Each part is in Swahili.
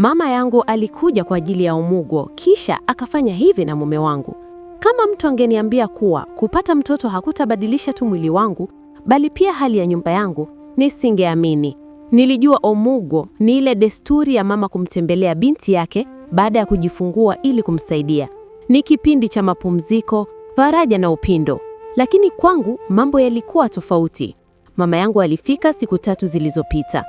Mama yangu alikuja kwa ajili ya Umugo, kisha akafanya hivi na mume wangu. Kama mtu angeniambia kuwa kupata mtoto hakutabadilisha tu mwili wangu, bali pia hali ya nyumba yangu, nisingeamini. Nilijua Omugo ni ile desturi ya mama kumtembelea binti yake baada ya kujifungua ili kumsaidia. Ni kipindi cha mapumziko, faraja na upendo. Lakini kwangu mambo yalikuwa tofauti. Mama yangu alifika siku tatu zilizopita.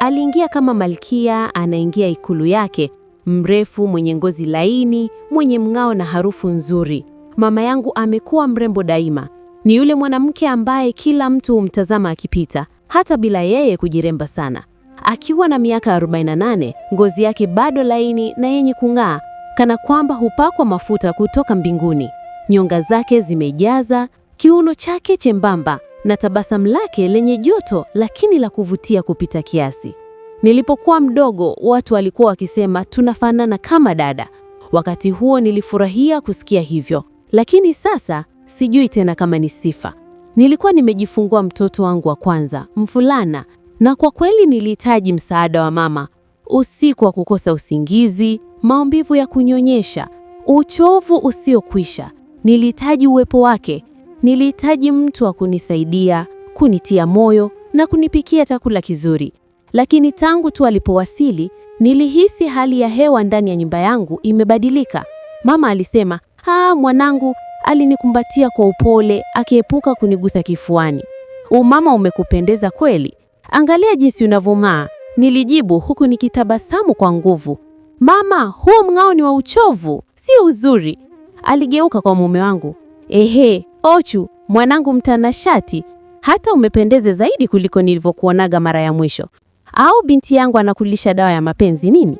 Aliingia kama malkia anaingia ikulu yake, mrefu, mwenye ngozi laini, mwenye mng'ao na harufu nzuri. Mama yangu amekuwa mrembo daima. Ni yule mwanamke ambaye kila mtu humtazama akipita, hata bila yeye kujiremba sana. Akiwa na miaka 48, ngozi yake bado laini na yenye kung'aa, kana kwamba hupakwa mafuta kutoka mbinguni. Nyonga zake zimejaza, kiuno chake chembamba na tabasamu lake lenye joto lakini la kuvutia kupita kiasi. Nilipokuwa mdogo, watu walikuwa wakisema tunafanana kama dada. Wakati huo nilifurahia kusikia hivyo, lakini sasa sijui tena kama ni sifa. Nilikuwa nimejifungua mtoto wangu wa kwanza, mvulana, na kwa kweli nilihitaji msaada wa mama. Usiku wa kukosa usingizi, maumivu ya kunyonyesha, uchovu usiokwisha. Nilihitaji uwepo wake, Nilihitaji mtu wa kunisaidia, kunitia moyo na kunipikia chakula kizuri. Lakini tangu tu alipowasili, nilihisi hali ya hewa ndani ya nyumba yangu imebadilika. Mama alisema, "Ah, mwanangu." Alinikumbatia kwa upole, akiepuka kunigusa kifuani. "Umama umekupendeza kweli. Angalia jinsi unavyong'aa." Nilijibu huku nikitabasamu kwa nguvu. "Mama, huo mng'ao ni wa uchovu, si uzuri." Aligeuka kwa mume wangu. "Ehe, Ochu, mwanangu mtanashati, hata umependeze zaidi kuliko nilivyokuonaga mara ya mwisho. Au binti yangu anakulisha dawa ya mapenzi nini?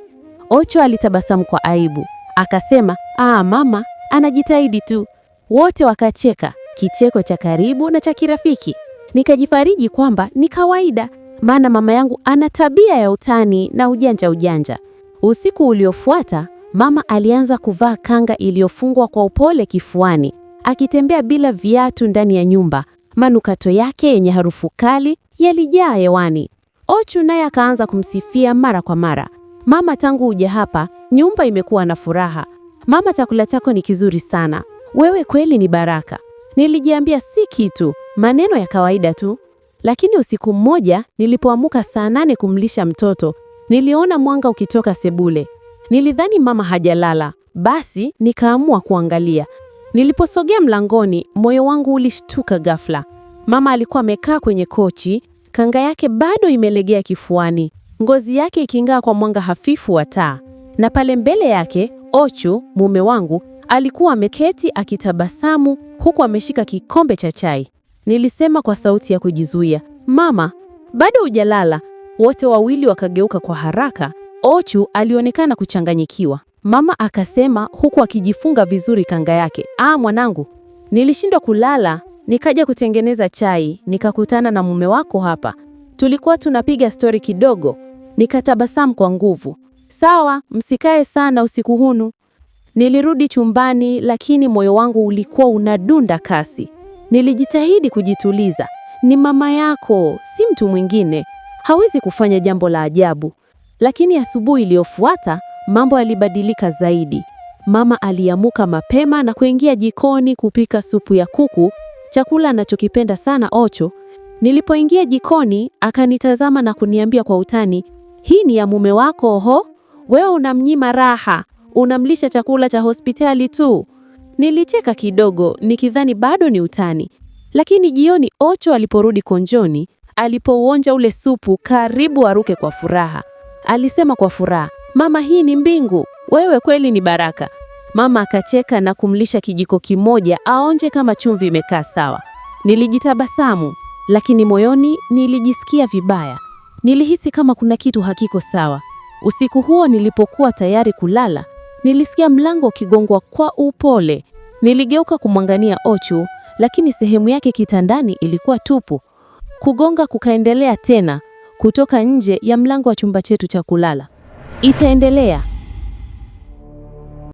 Ochu alitabasamu kwa aibu akasema, aa, mama anajitahidi tu. Wote wakacheka kicheko cha karibu na cha kirafiki. Nikajifariji kwamba ni kawaida, maana mama yangu ana tabia ya utani na ujanja ujanja. Usiku uliofuata mama alianza kuvaa kanga iliyofungwa kwa upole kifuani akitembea bila viatu ndani ya nyumba. Manukato yake yenye harufu kali yalijaa hewani. Ochu naye akaanza kumsifia mara kwa mara. Mama, tangu uje hapa nyumba imekuwa na furaha. Mama, chakula chako ni kizuri sana, wewe kweli ni baraka. Nilijiambia si kitu, maneno ya kawaida tu. Lakini usiku mmoja nilipoamuka saa nane kumlisha mtoto, niliona mwanga ukitoka sebule. Nilidhani mama hajalala, basi nikaamua kuangalia. Niliposogea mlangoni, moyo wangu ulishtuka ghafla. Mama alikuwa amekaa kwenye kochi, kanga yake bado imelegea kifuani, ngozi yake iking'aa kwa mwanga hafifu wa taa. Na pale mbele yake Ochu, mume wangu, alikuwa ameketi akitabasamu huku ameshika kikombe cha chai. Nilisema kwa sauti ya kujizuia, "Mama, bado hujalala?" Wote wawili wakageuka kwa haraka. Ochu alionekana kuchanganyikiwa mama akasema huku akijifunga vizuri kanga yake. Ah, mwanangu, nilishindwa kulala nikaja kutengeneza chai, nikakutana na mume wako hapa. Tulikuwa tunapiga stori kidogo, nikatabasamu kwa nguvu. Sawa, msikae sana usiku hunu. Nilirudi chumbani, lakini moyo wangu ulikuwa unadunda kasi. Nilijitahidi kujituliza. Ni mama yako, si mtu mwingine, hawezi kufanya jambo la ajabu. Lakini asubuhi iliyofuata mambo yalibadilika zaidi. Mama aliamuka mapema na kuingia jikoni kupika supu ya kuku, chakula anachokipenda sana Ocho. Nilipoingia jikoni, akanitazama na kuniambia kwa utani, hii ni ya mume wako oho? Wewe unamnyima raha, unamlisha chakula cha hospitali tu. Nilicheka kidogo nikidhani bado ni utani, lakini jioni Ocho aliporudi konjoni, alipouonja ule supu, karibu aruke kwa furaha. Alisema kwa furaha, mama, hii ni mbingu, wewe kweli ni baraka. Mama akacheka na kumlisha kijiko kimoja aonje kama chumvi imekaa sawa. Nilijitabasamu lakini moyoni nilijisikia vibaya. Nilihisi kama kuna kitu hakiko sawa. Usiku huo nilipokuwa tayari kulala, nilisikia mlango ukigongwa kwa upole. Niligeuka kumwangania Ochu, lakini sehemu yake kitandani ilikuwa tupu. Kugonga kukaendelea tena kutoka nje ya mlango wa chumba chetu cha kulala. Itaendelea.